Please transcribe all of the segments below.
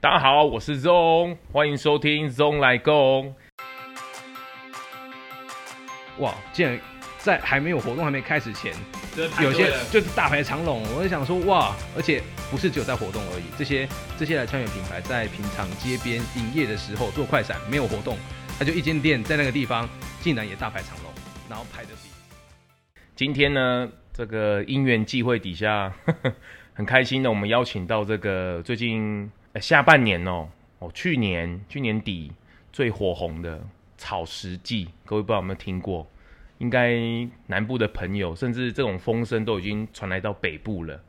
大家好，我是宗，歡迎收聽宗來共。哇，竟然在還沒有活動還沒開始前，有些就是大排長龍。我就想說，哇，而且不是只有在活動而已，這些這些來參與品牌在平常街邊營業的時候做快閃，沒有活動，他就一間店在那個地方竟然也大排長龍，然後排的比。今天呢，這個因緣際會底下，呵呵，很開心的，我們邀請到這個最近。下半年哦，哦去年去年底最火紅的艸食祭，各位不知道有沒有聽過？應該南部的朋友，甚至這種風聲都已經傳來到北部了。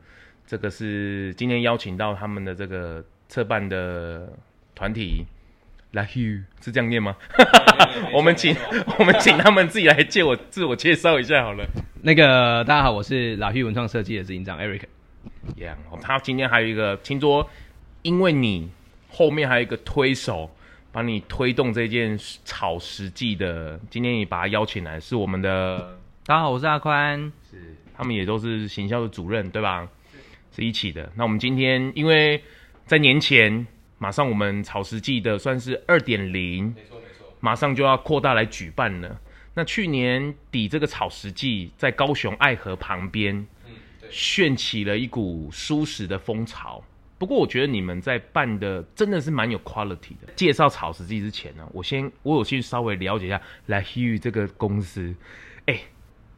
這個是今天邀請到他們的這個策辦的團體，La Like Rue，you. 是這樣念嗎？我們請 我們請他們自己來介我 自我介紹一下好了。那個大家好，我是 La、ah、Rue 文創設計的執行長 Eric yeah,、哦。他今天還有一個青桌。請因為你後面還有一個推手，幫你推動這件艸食祭的。今天你把他邀請來，是我們的。大家好，我是阿寬。是。他們也都是行銷的主任，對吧？是。是一起的。那我們今天因為在年前，馬上我們艸食祭的算是二點零，沒錯沒錯。馬上就要擴大來舉辦了。那去年底這個艸食祭在高雄愛河旁邊，嗯，對，掀起了一股蔬食的風潮。不過我覺得你們在辦的真的是蠻有 quality 的。介紹艸食祭之前呢、啊，我先我有去稍微了解一下 La Rue 這個公司，哎，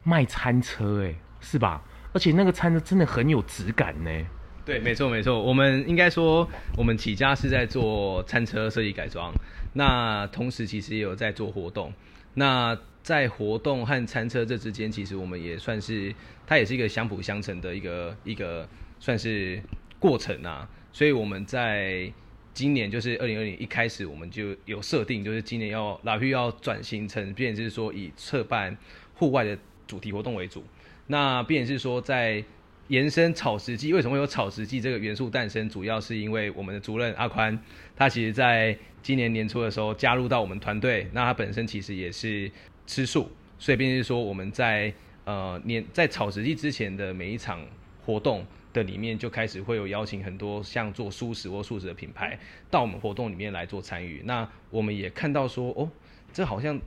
賣餐車哎、欸，是吧？而且那個餐車真的很有質感呢、欸。對，沒錯沒錯，我們應該說我們起家是在做餐車設計改裝，那同時其實也有在做活動。那在活動和餐車這之間，其實我們也算是它也是一個相輔相成的一個一個算是。過程啊，所以我們在今年就是二零二零一開始，我們就有設定，就是今年要拉皮要轉型成，變成是說以策辦戶外的主題活動為主。那變成是說在延伸艸食祭，為什麼會有艸食祭這個元素誕生？主要是因為我們的主任阿寬，他其實在今年年初的時候加入到我們團隊，那他本身其實也是吃素，所以變成是說我們在呃年在艸食祭之前的每一場活動。的裡面就開始會有邀請很多像做蔬食或素食的品牌到我們活動裡面來做參與。那我們也看到說，哦，這好像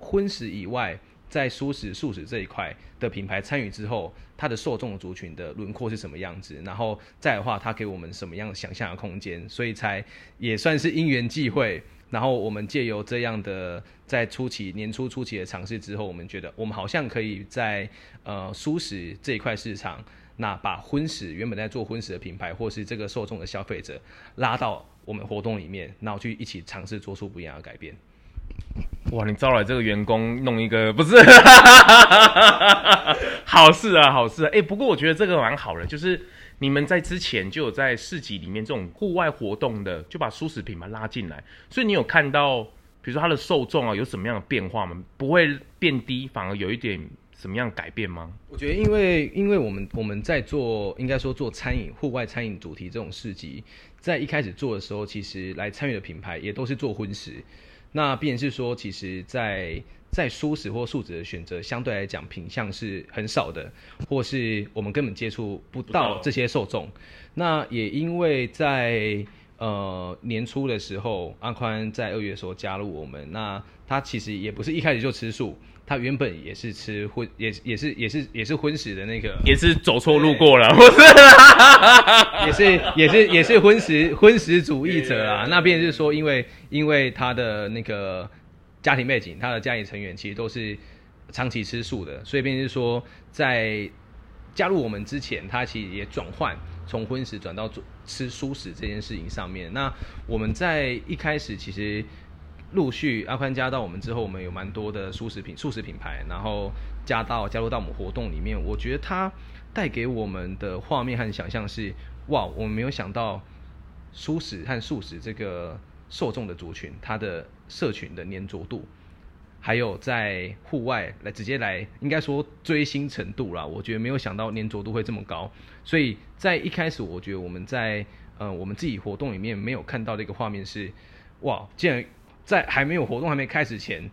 葷食以外，在蔬食、素食這一塊的品牌參與之後，它的受眾族群的輪廓是什麼樣子？然後，再的話它給我們什麼樣想象的空間？所以才也算是因緣際會。然後我們借由這樣的在初期年初初期的嘗試之後，我們覺得我們好像可以在呃素食這一塊市場。那把葷食原本在做葷食的品牌，或是這個受眾的消費者拉到我們活動裡面，然後去一起嘗試做出不一樣的改變。哇，你招來這個員工弄一個不是 好事啊，好事哎、啊欸。不過我覺得這個蠻好的，就是你們在之前就有在市集裡面這種戶外活動的，就把蔬食品牌拉進來。所以你有看到，比如說它的受眾啊有什麼樣的變化嗎？不會變低，反而有一點。怎麼樣改變嗎？我覺得，因為因為我們我們在做，應該說做餐飲、戶外餐飲主題這種市集，在一開始做的時候，其實來參與的品牌也都是做葷食。那變成是說，其實在在蔬食或素食的選擇相對來講品相是很少的，或是我們根本接觸不到這些受眾。那也因為在，在呃年初的時候，阿寬在二月的時候加入我們，那他其實也不是一開始就吃素。他原本也是吃葷，也是也是也是也是葷食的那個，也是走錯路過了，也是也是也是葷食葷食主義者啦。對對對對，那變成就是說，因為因為他的那個家庭背景，他的家庭成員其實都是長期吃素的，所以變成說，在加入我們之前，他其實也轉換從葷食轉到吃吃蔬食這件事情上面。那我們在一開始其實。陸續阿寬加到我們之後，我們有蠻多的蔬食品、素食品牌，然後加到加入到我們活動裡面。我覺得它帶給我們的畫面和想象是：哇，我們沒有想到蔬食和素食這個受眾的族群，它的社群的粘着度，還有在戶外來直接來，應該說追星程度啦。我覺得沒有想到粘着度會這麼高。所以在一開始，我覺得我們在呃我們自己活動裡面沒有看到這個畫面是：哇，竟然。在還沒有活動還沒開始前，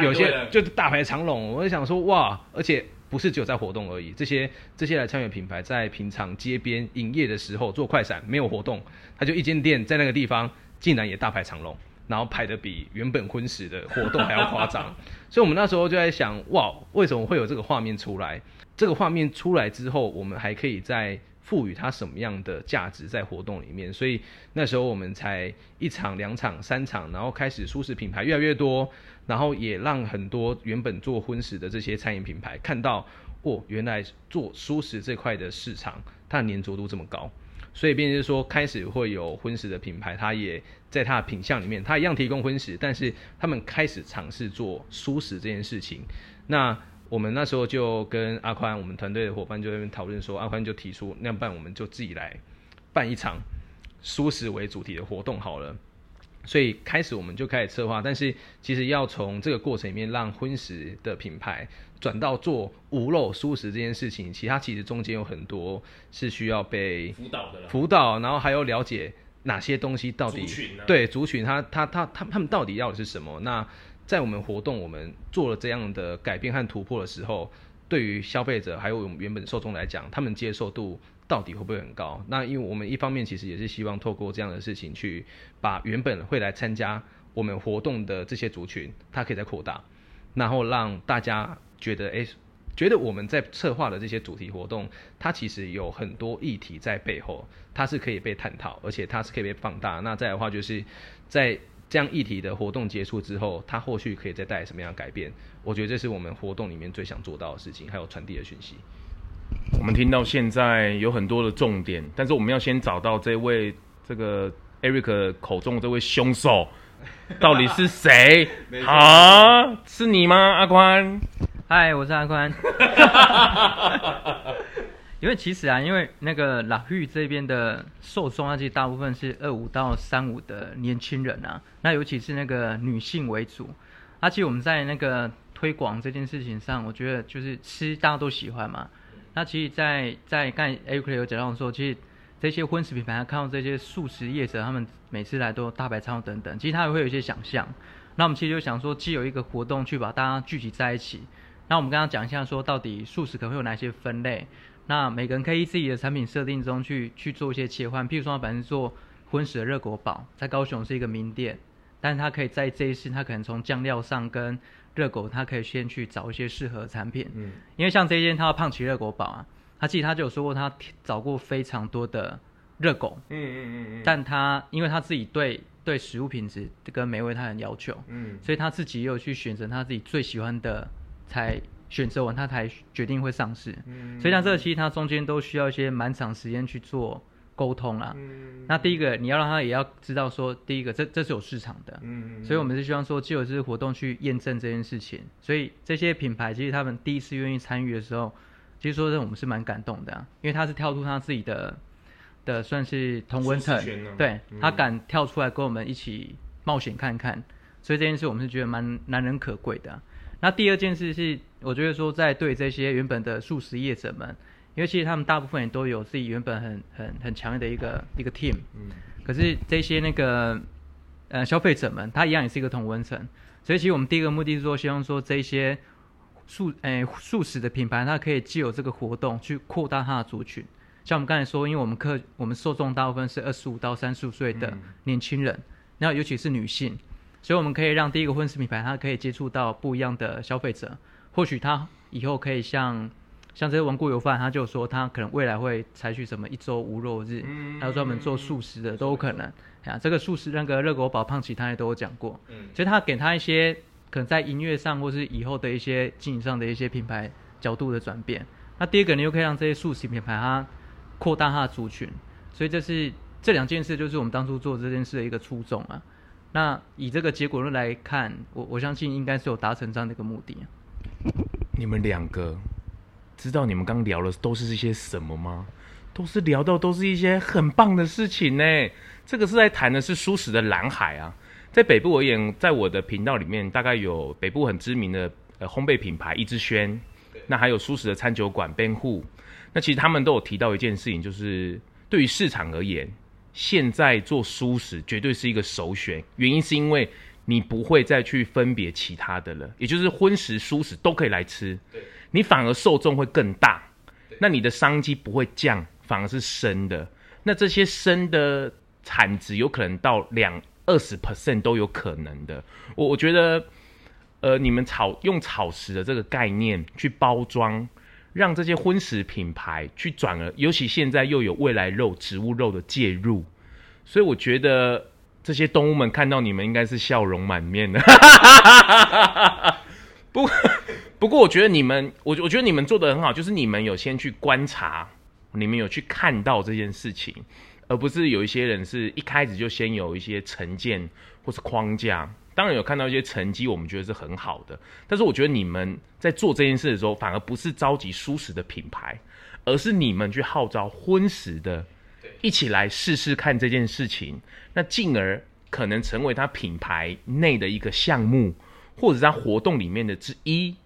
有些就是大排長龍。我就想說，哇！而且不是只有在活動而已，這些這些來參與品牌在平常街邊營業的時候做快閃，沒有活動，他就一間店在那個地方竟然也大排長龍，然後排得比原本婚史的活動還要誇張。 所以我們那時候就在想，哇，為什麼會有這個畫面出來？這個畫面出來之後，我們還可以在。賦予它什麼樣的價值在活動裡面，所以那時候我們才一場、兩場、三場，然後開始蔬食品牌越來越多，然後也讓很多原本做葷食的這些餐飲品牌看到，哦，原來做蔬食這塊的市場它的粘着度這麼高，所以變成是說開始會有葷食的品牌，它也在它的品項裡面，它一樣提供葷食，但是他們開始嘗試做蔬食這件事情，那。我們那時候就跟阿寬，我們團隊的夥伴就在那邊討論說，說阿寬就提出，那樣辦我們就自己來辦一場蔬食為主題的活動好了。所以開始我們就開始策劃，但是其實要從這個過程裡面讓葷食的品牌轉到做無肉蔬食這件事情，其他其實中間有很多是需要被輔導的輔導的，然後還要了解哪些東西到底族、啊、對族群他他他他他，他們到底要的是什麼那。在我們活動，我們做了這樣的改變和突破的時候，對於消費者還有我們原本受眾來講，他們接受度到底會不會很高？那因為我們一方面其實也是希望透過這樣的事情去把原本會來參加我們活動的這些族群，它可以再擴大，然後讓大家覺得，誒、欸，覺得我們在策劃的這些主題活動，它其實有很多議題在背後，它是可以被探討，而且它是可以被放大。那再來的話，就是在。這樣議題的活動結束之後，他後續可以再帶來什麼樣的改變？我覺得這是我們活動裡面最想做到的事情，還有傳遞的訊息。我們聽到現在有很多的重點，但是我們要先找到這位這個 Eric 口中的這位凶手到底是誰 啊？是你嗎，阿關？嗨，我是阿關。 因為其實啊，因為那個 La Rue、ah、這邊的受眾啊，其實大部分是二五到三五的年輕人啊，那尤其是那個女性為主。而、啊、且我們在那個推廣這件事情上，我覺得就是吃大家都喜歡嘛。那其實在，在在干 a g c l t u 有講到的時候，其實這些葷食品牌看到這些素食業者，他們每次來都大排場等等，其實他也會有一些想象。那我們其實就想說，既有一個活動去把大家聚集在一起，那我們剛剛講一下說，到底素食可能會有哪些分類？那每個人可以自己的產品設定中去去做一些切換，譬如說，他本身做葷食的熱狗堡，在高雄是一個名店，但是他可以在這一次，他可能從醬料上跟熱狗，他可以先去找一些適合的產品。嗯，因為像這一間，他要胖奇熱狗堡啊，他其實他就有說過，他找過非常多的熱狗，嗯嗯嗯嗯，但他因為他自己對對食物品質跟美味他很要求，嗯，所以他自己也有去選擇他自己最喜歡的才。選擇完，他才決定會上市，嗯、所以像這個其實他中間都需要一些蠻長時間去做溝通啦。嗯、那第一個，你要讓他也要知道說，第一個這這是有市場的，嗯，嗯，所以我們是希望說，借由這次活動去驗證這件事情。所以這些品牌其實他們第一次願意參與的時候，其、就、實、是、說，讓我們是蠻感動的、啊，因為他是跳出他自己的的算是同溫層、啊，嗯、對他敢跳出來跟我們一起冒險看看，所以這件事我們是覺得蠻難能可貴的、啊。那第二件事是，我覺得說，在對這些原本的素食業者們，因為其實他們大部分也都有自己原本很很很強的一個一個 team，嗯，可是這些那個呃消費者們，他一樣也是一個同溫層，所以其實我們第一個目的是說，希望說這些素誒、欸、素食的品牌，它可以藉由這個活動去擴大它的族群。像我們剛才說，因為我們客我們受眾大部分是二十五到三十五歲的年輕人，然後、嗯、尤其是女性。所以我們可以讓第一個葷食品牌，它可以接觸到不一樣的消費者，或許他以後可以像像這些頑固油飯，他就說他可能未來會採取什麼一周無肉日，還有專門做素食的都有可能。啊，這個素食，那個熱狗堡、胖其他也都有講過。嗯、所以他給他一些可能在音樂上，或是以後的一些經營上的一些品牌角度的轉變。那第二個，你又可以讓這些素食品牌它擴大他的族群。所以這是這兩件事，就是我們當初做這件事的一個初衷啊。那以這個結果論來看，我我相信應該是有達成這樣的一個目的、啊。你們兩個知道你們剛聊的都是一些什麼嗎？都是聊到都是一些很棒的事情呢、欸。這個是在談的是蔬食的藍海啊，在北部而言，在我的頻道裡面，大概有北部很知名的呃烘焙品牌一之軒，那還有蔬食的餐酒館邊戶，那其實他們都有提到一件事情，就是對於市場而言。現在做蔬食絕對是一個首選，原因是因為你不會再去分別其他的了，也就是葷食、蔬食都可以來吃，對你反而受眾會更大，那你的商機不會降，反而是升的。那這些升的產值有可能到兩二十 percent 都有可能的。我我覺得，呃，你們艸用艸食的這個概念去包裝。讓這些葷食品牌去轉而，尤其現在又有未來肉、植物肉的介入，所以我覺得這些動物們看到你們應該是笑容滿面的。 不，不過我覺得你們，我我覺得你們做得很好，就是你們有先去觀察，你們有去看到這件事情，而不是有一些人是一開始就先有一些成見或是框架。當然有看到一些成績，我們覺得是很好的。但是我覺得你們在做這件事的時候，反而不是召集蔬食的品牌，而是你們去號召葷食的，一起來試試看這件事情，那進而可能成為他品牌內的一個項目，或者是他活動裡面的之一。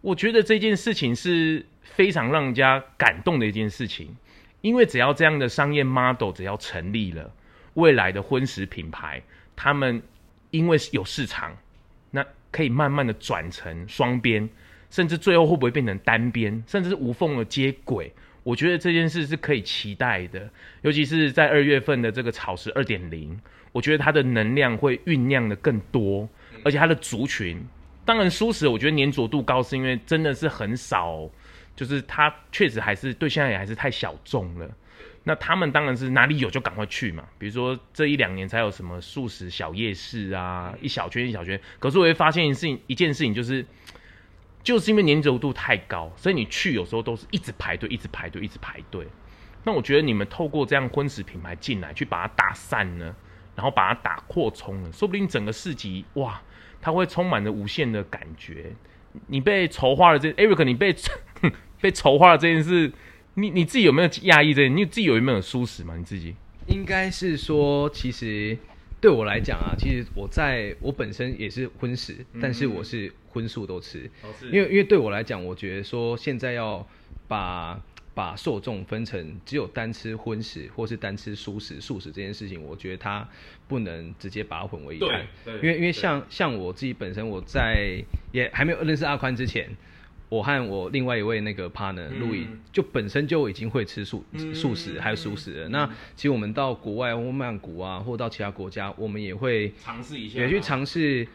我覺得這件事情是非常讓人家感動的一件事情，因為只要這樣的商業 model 只要成立了，未來的葷食品牌他們。因為有市場，那可以慢慢的轉成雙邊，甚至最後會不會變成單邊，甚至是無縫的接軌？我覺得這件事是可以期待的，尤其是在二月份的這個艸食二點零，我覺得它的能量會醞釀的更多，而且它的族群，當然蔬食，我覺得粘着度高，是因為真的是很少，就是它確實還是對現在也還是太小眾了。那他們當然是哪裡有就趕快去嘛，比如說這一兩年才有什麼素食小夜市啊，一小圈一小圈。可是我會發現一件事情，一件事情就是，就是因為粘稠度太高，所以你去有時候都是一直排隊，一直排隊，一直排隊。那我覺得你們透過這樣葷食品牌進來，去把它打散呢，然後把它打擴充了，說不定整個市集哇，它會充滿着無限的感覺。你被籌劃了這，Eric，你被 被籌劃了這件事。你你自己有沒有壓抑的？你自己有沒有蔬食嗎？你自己應該是說，其實對我來講啊，其實我在我本身也是葷食，但是我是葷素都吃，嗯、因為因為對我來講，我覺得說，現在要把把受眾分成只有單吃葷食或是單吃蔬食、素食這件事情，我覺得它不能直接把它混為一談，因為因為像像我自己本身，我在也還沒有認識阿寬之前。我和我另外一位那個 partner 魯易、嗯，ui, 就本身就已經會吃素素食、嗯、還有素食了。嗯、那其實我們到國外，我曼谷啊，或到其他國家，我們也會嘗試一下、啊，也去嘗試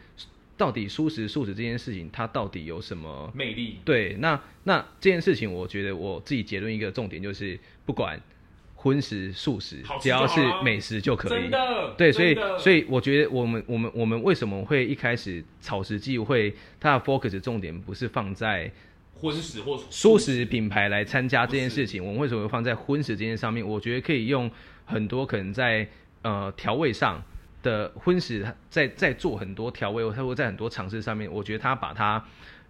到底素食、素食這件事情，它到底有什麼魅力？對，那那這件事情，我覺得我自己結論一個重點就是，不管。葷食、素食，只要是美食就可以。對，所以，真的 所以我覺得我們，我們，我們為什麼會一開始艸食祭會它的 focus 重點不是放在葷食或素食品牌來參加這件事情？我們為什麼會放在葷食這件上面？我覺得可以用很多可能在呃調味上的葷食，在在做很多調味，或它會在很多嘗試上面。我覺得它把它。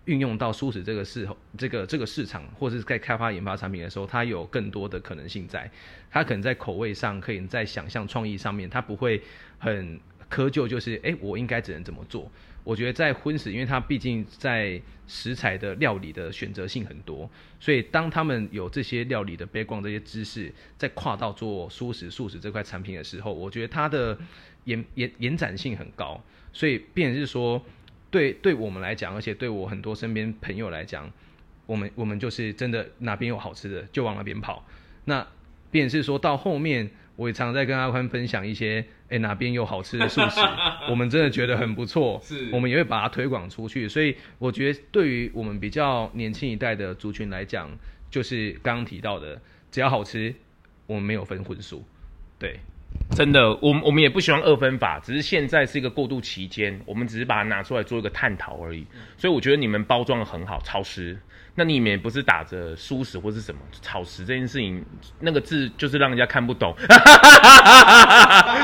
運用到素食這個市這個這個市場，或者是在開發研發產品的時候，它有更多的可能性在。它可能在口味上，可以在想象創意上面，它不會很窠臼。就是誒、欸、我應該只能怎麼做？我覺得在葷食，因為它畢竟在食材的料理的選擇性很多，所以當他們有這些料理的背景，這些知識，在跨到做素食、素食這塊產品的時候，我覺得它的延延延展性很高。所以，變成是說。對，對我們來講，而且對我很多身邊朋友來講，我們我們就是真的哪邊有好吃的就往哪邊跑。那便是說到後面，我也常在跟阿寬分享一些，哎，哪邊有好吃的素食， 我們真的覺得很不錯，是我們也會把它推廣出去。所以我覺得，對於我們比較年輕一代的族群來講，就是剛剛提到的，只要好吃，我們沒有分葷素，對。真的，我們我們也不喜歡二分法，只是現在是一個過渡期間，我們只是把它拿出來做一個探討而已。嗯、所以我覺得你們包裝的很好，艸食，那你們也不是打着蔬食或是什麼艸食這件事情，那個字就是讓人家看不懂，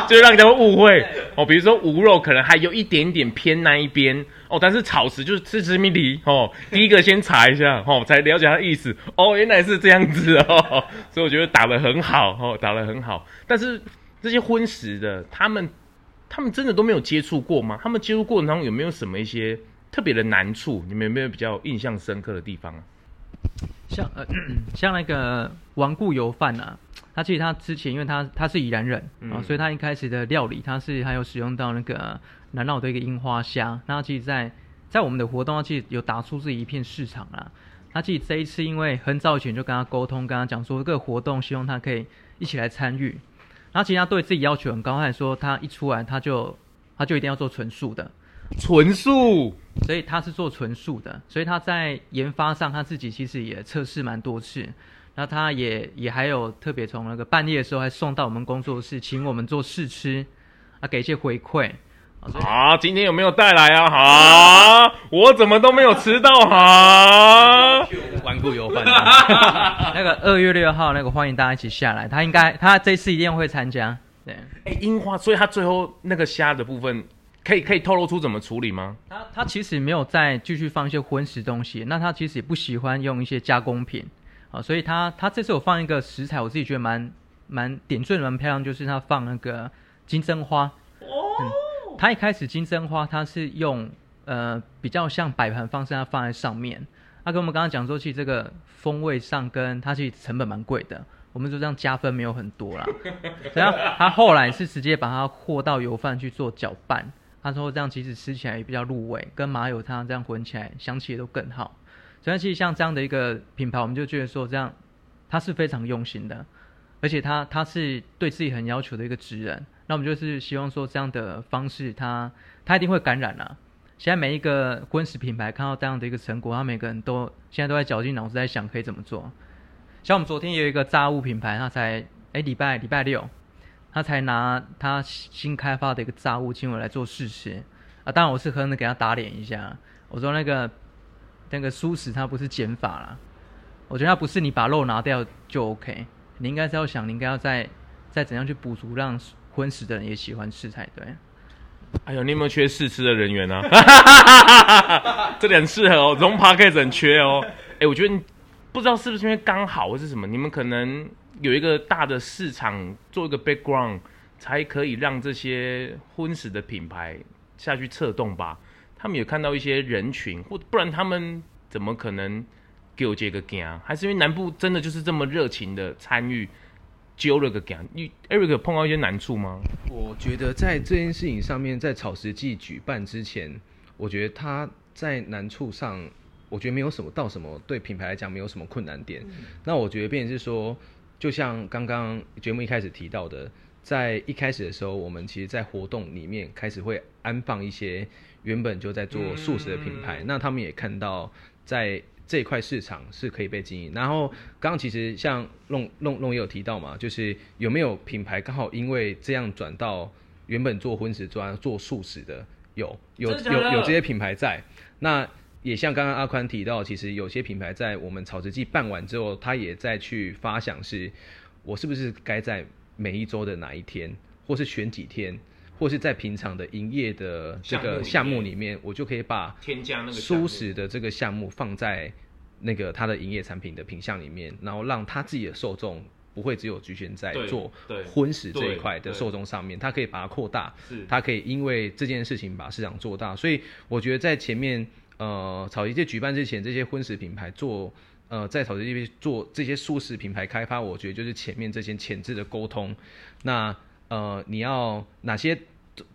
就讓人家誤會，誤會哦。比如說無肉，可能還有一點點偏那一邊哦，但是艸食就是吃吃明理哦。第一個先查一下哦，才了解它的意思哦，原來是這樣子哦。所以我覺得打得很好哦，打得很好，但是。這些葷食的，他們，他們真的都沒有接觸過嗎？他們接觸過程當中有沒有什麼一些特別的難處？你們有沒有比較印象深刻的地方、啊、像呃咳咳，像那個頑固油飯啊，他其實他之前因為他他是宜蘭人啊，嗯、所以他一開始的料理他是還有使用到那個南澳的一個櫻花蝦。那他其實在在我們的活動他其實有打出自己一片市場啊。他其實這一次因為很早以前就跟他溝通，跟他講說這個活動希望他可以一起來參與。然後，其實他對自己要求很高，他也說他一出來，他就他就一定要做純素的，純素，所以他是做純素的，所以他在研發上，他自己其實也測試蠻多次。那他也也還有特別從那個半夜的時候還送到我們工作室，請我們做試吃，啊，給一些回饋。好啊，今天有沒有帶來啊？哈、啊，啊、我怎麼都沒有吃到哈。頑固油飯。那個二月六號那個，歡迎大家一起下來。他應該，他這次一定會參加。對，欸，櫻花，所以他最後那個蝦的部分，可以可以透露出怎麼處理嗎？他他其實沒有再繼續放一些葷食東西。那他其實也不喜歡用一些加工品。啊，所以他他這次有放一個食材，我自己覺得蠻蠻點綴蠻漂亮的，就是他放那個金針花。哦。嗯他一開始金針花，他是用呃比較像擺盤方式，他放在上面。那、啊、跟我們剛剛講說，其實這個風味上跟它其實成本蠻貴的，我們說這樣加分沒有很多啦。然後 他後來是直接把它和到油飯去做攪拌。他說這樣其實吃起來也比較入味，跟麻油湯這樣混起來，香氣也都更好。所以其實像這樣的一個品牌，我們就覺得說這樣他是非常用心的，而且他他是對自己很要求的一個職人。那我們就是希望說，這樣的方式，它它一定會感染了、啊。現在每一個葷食品牌看到這樣的一個成果，他每個人都現在都在絞盡腦汁在想可以怎麼做。像我們昨天也有一個炸物品牌，他才誒禮拜禮拜六，他才拿他新開發的一個炸物，請我來做試吃啊。當然我是狠狠的給他打臉一下，我說那個那個蔬食它不是減法啦，我覺得它不是你把肉拿掉就 OK，你應該是要想，你應該要再再怎樣去補足讓。葷食的人也喜歡吃菜，對。哎呦，你有沒有缺試吃的人員呢、啊？ 這點很適合哦，龍扒可以很缺哦。哎、欸，我覺得不知道是不是因為剛好或是什麼，你們可能有一個大的市場做一個 background，才可以讓這些葷食的品牌下去策動吧。他們有看到一些人群，或不然他們怎麼可能給我這個 game 啊？還是因為南部真的就是這麼熱情的參與？揪了個癢，你艾瑞克碰到一些難處嗎？我覺得在這件事情上面，在艸食祭舉辦之前，我覺得他在難處上，我覺得沒有什麼到什麼對品牌來講沒有什麼困難點。嗯、那我覺得，變成說，就像剛剛節目一開始提到的，在一開始的時候，我們其實在活動裡面開始會安放一些原本就在做素食的品牌，嗯、那他們也看到在。這塊市場是可以被經營。然後，剛剛其實像弄弄龍也有提到嘛，就是有沒有品牌剛好因為這樣轉到原本做葷食、專做素食的，有有有有，有這些品牌在。那也像剛剛阿寬提到，其實有些品牌在我們艸食祭辦完之後，他也在去發想是，我是不是該在每一周的哪一天，或是選幾天。或是在平常的營業的這個項目裡面，我就可以把添加那個蔬食的這個項目放在那個他的營業產品的品項裡面，然後讓他自己的受眾不會只有局限在做葷食這一塊的受眾上面，他可以把它擴大，他可以因為這件事情把市場做大。所以我覺得在前面呃艸食祭舉辦之前，這些葷食品牌做呃在艸食祭做這些蔬食品牌開發，我覺得就是前面這些前置的溝通，那。呃，你要哪些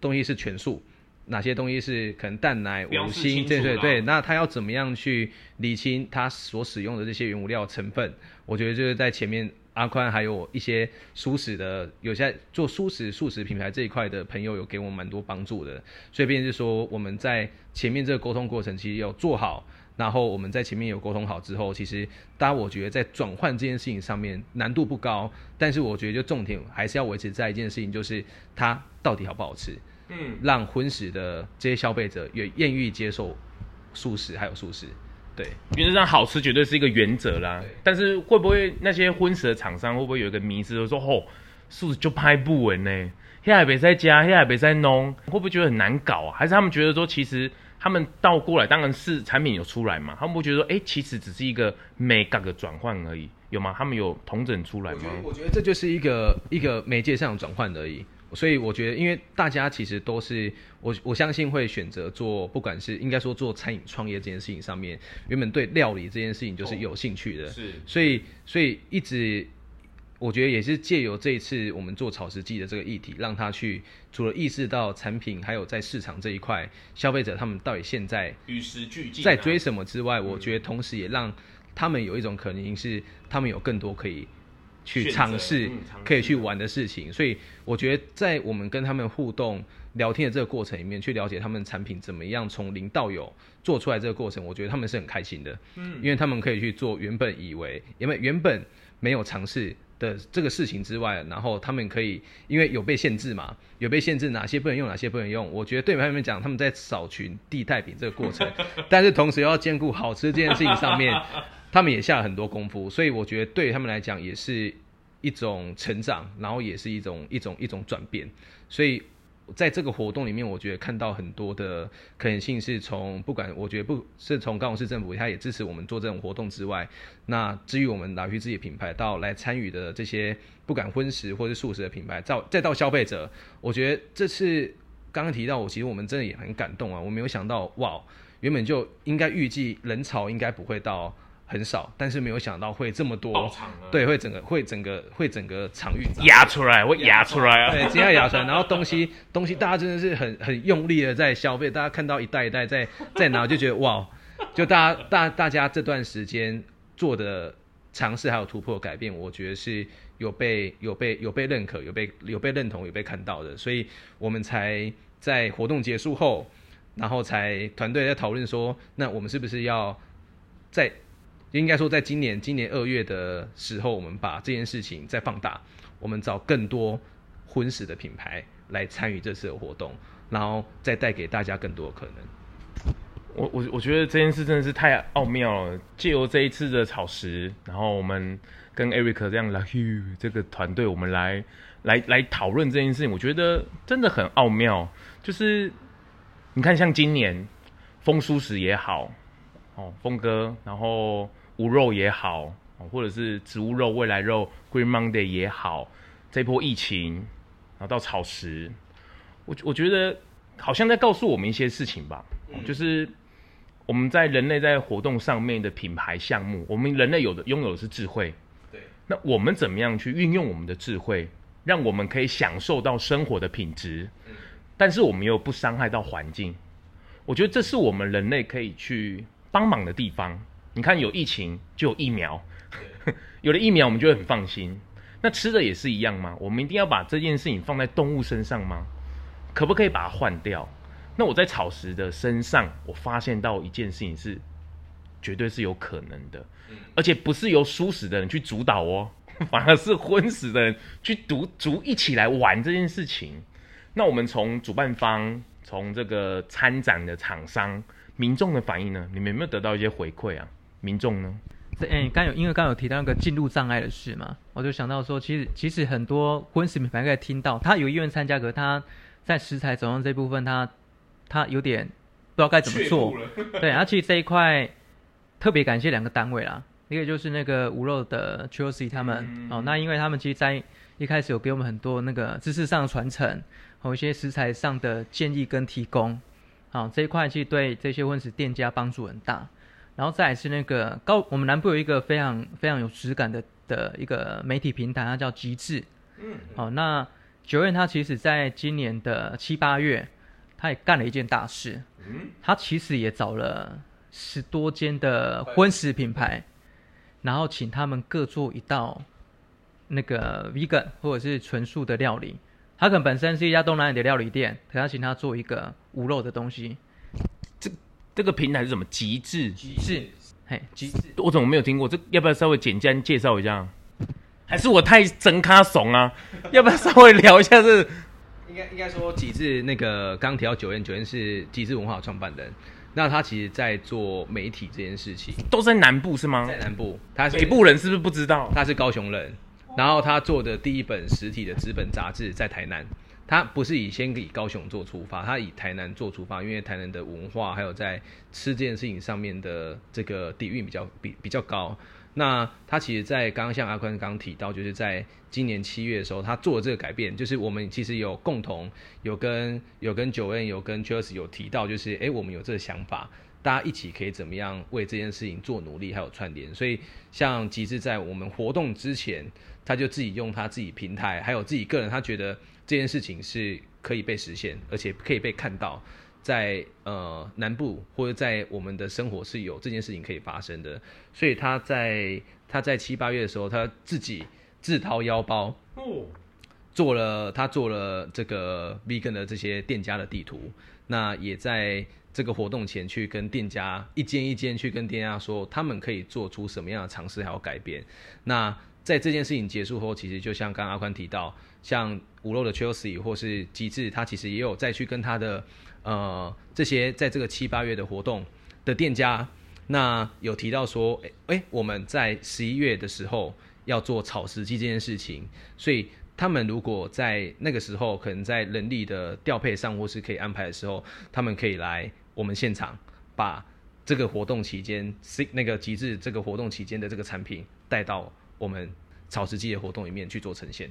東西是全素，哪些東西是可能蛋奶、五辛，對對、啊、對。那他要怎麼樣去理清他所使用的這些原物料成分？我覺得就是在前面阿寬還有一些素食的有些做素食、素食品牌這一塊的朋友有給我蠻多幫助的，所以便是說我們在前面這個溝通過程其實要做好。然後我們在前面有溝通好之後，其實，大家我覺得在轉換這件事情上面難度不高，但是我覺得就重點還是要維持在一件事情，就是它到底好不好吃。嗯，讓葷食的這些消費者也願意接受素食，還有素食，對。原則上，好吃絕對是一個原則啦。對但是會不會那些葷食的廠商會不會有一個迷思，就對說哦，素食就拍不穩呢？現在也別再加，現在也別再弄，會不會覺得很難搞、啊？還是他們覺得說其實？他們倒過來，當然是產品有出來嘛。他們不會覺得說，哎、欸，其實只是一個媒介的轉換而已，有嗎？他們有統整出來嗎？我，我覺得這就是一個一個媒介上的轉換而已。所以我覺得，因為大家其實都是我我相信會選擇做，不管是應該說做餐飲創業這件事情上面，原本對料理這件事情就是有興趣的，哦、是，所以所以一直。我覺得也是借由這一次我們做艸食祭的這個議題，讓他去除了意識到產品，還有在市場這一塊，消費者他們到底現在與時俱進在追什麼之外，我覺得同時也讓他們有一種可能性是他們有更多可以去嘗試、可以去玩的事情。所以我覺得在我們跟他們互動聊天的這個過程裡面，去了解他們產品怎麼樣從零到有做出來這個過程，我覺得他們是很開心的，嗯，因為他們可以去做原本以為因為原本沒有嘗試。的這個事情之外，然後他們可以，因為有被限制嘛，有被限制哪些不能用，哪些不能用。我覺得對他們來講，他們在掃群地品餅這個過程， 但是同時又要兼顧好吃這件事情上面， 他們也下了很多功夫。所以我覺得對他們來講，也是一種成長，然後也是一種一種一種轉變。所以。在這個活動裡面，我覺得看到很多的可能性，是從不管我覺得不是從高雄市政府，他也支持我們做這種活動之外，那至於我們拿去自己品牌到來參與的這些不管葷食或是素食的品牌，到再到消費者，我覺得這次剛剛提到我，其實我們真的也很感動啊！我沒有想到哇，原本就應該預計人潮應該不會到。很少，但是沒有想到會這麼多，對，會整個會整個會整個，會整個場域壓出來，會壓出來啊，對，真的壓出來。然後東西 東西，大家真的是很很用力的在消費，大家看到一袋一袋在在拿，就覺得 哇，就大家大大家這段時間做的嘗試還有突破改變，我覺得是有被有被有被認可，有被有被認同，有被看到的，所以我們才在活動結束後，然後才團隊在討論說，那我們是不是要在。應該說，在今年今年二月的時候，我們把這件事情再放大，我們找更多葷食的品牌來參與這次的活動，然後再帶給大家更多的可能。我我我覺得這件事真的是太奧妙了。借由這一次的艸食，然後我們跟 Eric 這樣來，這個團隊我們來來來討論這件事情，我覺得真的很奧妙。就是你看，像今年風叔史也好，哦，峰哥，然後。無肉也好，或者是植物肉、未來肉、Green Monday 也好，這波疫情，然後到草食，我我覺得好像在告訴我們一些事情吧，嗯，就是我們在人類在活動上面的品牌項目，我們人類有的擁有的是智慧，對，那我們怎麼樣去運用我們的智慧，讓我們可以享受到生活的品質，嗯，但是我們又不傷害到環境，我覺得這是我們人類可以去幫忙的地方。你看，有疫情就有疫苗， 有了疫苗我們就會很放心。那吃的也是一樣嗎？我們一定要把這件事情放在動物身上嗎？可不可以把它換掉？那我在草食的身上，我發現到一件事情是，絕對是有可能的，嗯、而且不是由蔬食的人去主導哦、喔，反而是葷食的人去獨獨一起來玩這件事情。那我們從主辦方、從這個參展的廠商、民眾的反應呢，你們有沒有得到一些回饋啊？民眾呢？這哎，剛、欸、有因為剛有提到那個進入障礙的事嘛，我就想到說，其實其實很多葷食品牌，應該聽到他有意願參加，可是他在食材總用這部分他，他他有點不知道該怎麼做。對，而且其實這一塊特別感謝兩個單位啦，一個 就是那個無肉的 Chelsea 他們、嗯、哦，那因為他們其實，在一開始有給我們很多那個知識上的傳承，和、哦、一些食材上的建議跟提供，好、哦、這一塊其實對這些葷食店家幫助很大。然後再來是那個高，我們南部有一個非常非常有質感的的一個媒體平台，它叫極致。嗯。嗯哦，那九院它其實在今年的七八月，他也幹了一件大事。嗯、他其實也找了十多間的葷食品牌，嗯、然後請他們各做一道那個 vegan 或者是純素的料理。他可能本身是一家東南亞的料理店，它要請他做一個無肉的東西。這個平台是什麼？極致，極致，嘿，極致。我怎麼沒有聽過？這要不要稍微簡單介紹一下？還是我太真咖慫啊？ 要不要稍微聊一下？是應該應該說極致，那個剛提到酒店，酒店是極致文化創辦人。那他其實在做媒體這件事情，都在南部是嗎？在南部，他北部人是不是不知道？他是高雄人，然後他做的第一本實體的資本雜誌在台南。他不是以先給高雄做出發，他以台南做出發，因為台南的文化還有在吃這件事情上面的這個底蘊比較比比較高。那他其實，在剛剛像阿寬剛提到，就是在今年七月的時候，他做了這個改變，就是我們其實有共同有跟有跟九 N 有跟 c h r e s 有提到，就是誒、欸、我們有這個想法，大家一起可以怎麼樣為這件事情做努力，還有串聯。所以像即使在我們活動之前，他就自己用他自己平台，還有自己個人，他覺得。這件事情是可以被實現，而且可以被看到，在呃南部或者在我們的生活是有這件事情可以發生的。所以他在他在七八月的時候，他自己自掏腰包、哦、做了他做了這個 Vegan 的這些店家的地圖，那也在這個活動前去跟店家一間一間去跟店家說，他們可以做出什麼樣的嘗試還有改變。那在這件事情結束後，其實就像剛剛阿寬提到。像五樓的 Chelsea 或是極致，他其實也有再去跟他的呃這些在這個七八月的活動的店家，那有提到說，哎、欸欸，我們在十一月的時候要做艸食祭這件事情，所以他們如果在那個時候可能在人力的調配上或是可以安排的時候，他們可以來我們現場把這個活動期間是那個極致這個活動期間的這個產品帶到我們艸食祭的活動裡面去做呈現。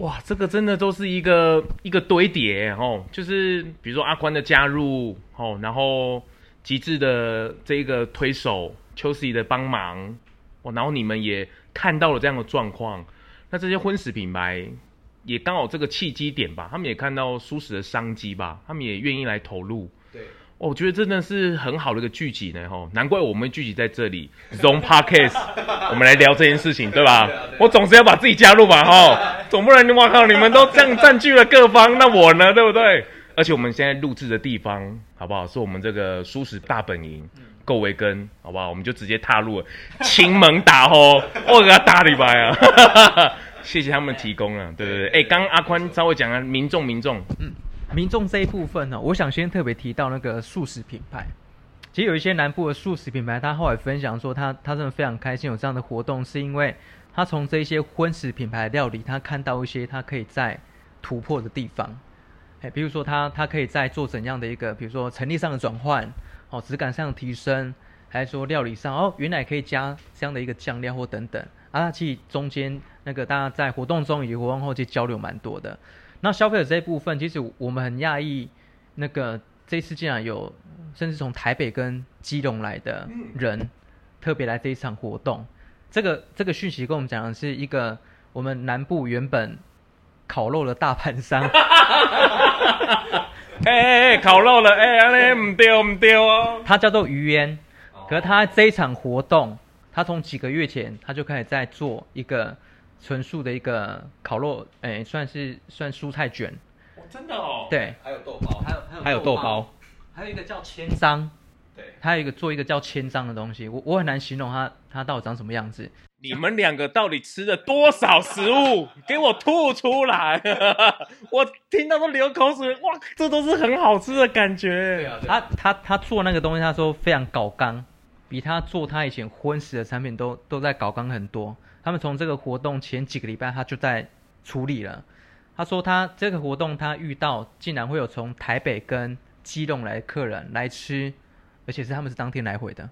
哇，這個真的都是一個一個堆疊哦，就是比如說阿寬的加入哦，然後極致的這一個推手邱 s i 的幫忙，哦。然後你們也看到了這樣的狀況，那這些婚史品牌也剛好這個契機點吧，他們也看到舒適的商機吧，他們也願意來投入。對。哦、我覺得真的是很好的一個聚集呢，吼，難怪我們聚集在這裡 ，Zong Podcast 我們來聊這件事情， 對吧？我總是要把自己加入吧，吼，啊啊、總不能我靠，你們都這樣佔據了各方， 那我呢，對不對？而且我們現在錄制的地方，好不好？是我們這個蔬食大本營，夠維、嗯、根，好不好？我們就直接踏入了青門打吼， 我給他打李白啊！ 謝謝他們提供了， 對不對，對，對，哎、欸，剛阿寬稍微講啊，民眾民眾，嗯。民眾這一部分呢、哦，我想先特別提到那個素食品牌。其實有一些南部的素食品牌，他後來分享說，他他真的非常開心有這樣的活動，是因為他從這些葷食品牌料理，他看到一些他可以再突破的地方。哎、欸，比如說他他可以再做怎樣的一個，比如說成立上的轉換，哦，質感上的提升，還是說料理上哦，原來可以加這樣的一個醬料或等等啊，其實中間那個大家在活動中與活動後期交流蠻多的。那消費者這一部分，其實我們很訝異，那個這次竟然有甚至從台北跟基隆來的人，特別來這一場活動。嗯、這個這個訊息跟我們講的是一個我們南部原本烤肉的大盤商，哎哎哎，烤肉了哎，阿力唔對唔、喔嗯、對哦、喔，他叫做余淵，可是他這一場活動，他從幾個月前他就開始在做一個。純素的一個烤肉。哎，算是算蔬菜捲。哇真的哦？對，還有豆包，還有還有還有豆包，還有一個叫千張，干對，還有一個做一個叫千張的東西，我我很難形容它它到底長什麼樣子。你們兩個到底吃了多少食物？給我吐出來！ 我聽到都流口水，哇，這都是很好吃的感覺。他他他做那個東西，他說非常搞剛，比他做他以前葷食的產品都都在搞剛很多。他們從這個活動前幾個禮拜，他就在處理了。他說他這個活動他遇到竟然會有從台北跟基隆來客人來吃，而且是他們是當天來回的，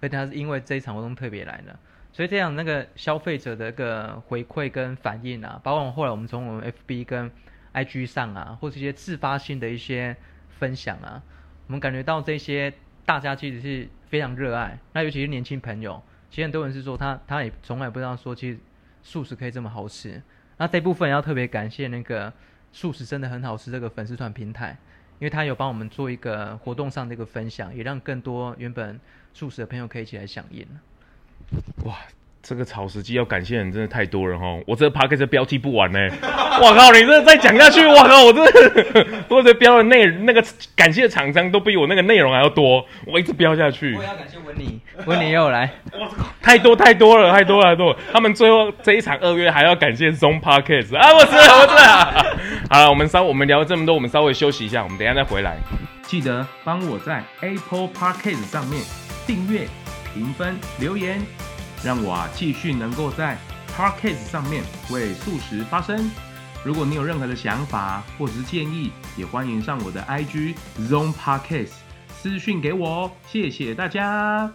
而且他是因為這一場活動特別來的。所以這樣那個消費者的一個回饋跟反應啊，包括後來我們從我們 FB 跟 IG 上啊，或是一些自發性的一些分享啊，我們感覺到這些大家其實是非常熱愛，那尤其是年輕朋友。其實很多人是說他，他也從來不知道說，其實素食可以這麼好吃。那這部分要特別感謝那個素食真的很好吃這個粉絲團平台，因為他有幫我們做一個活動上的一個分享，也讓更多原本素食的朋友可以一起來響應。哇！這個艸食祭要感謝人真的太多了哈！我這個 podcast 標題不完呢，欸，我 靠！你這再講下去，我靠！我這，我這標的那那個感謝廠商都比我那個內容還要多，我一直標下去。還要感謝文妮，文妮又來，我靠！太多太多了，太多了太多，了多了！他們最後這一場二月還要感謝 ZONG podcast 啊！我知道我知道 好了，我們稍我們聊了這麼多，我們稍微休息一下，我們等一下再回來。記得幫我在 Apple Podcast 上面訂閱、評分、留言。讓我啊繼續能夠在 podcast 上面為素食發聲。如果你有任何的想法或者是建議，也歡迎上我的 IG Zong podcast 私訊給我。謝謝大家。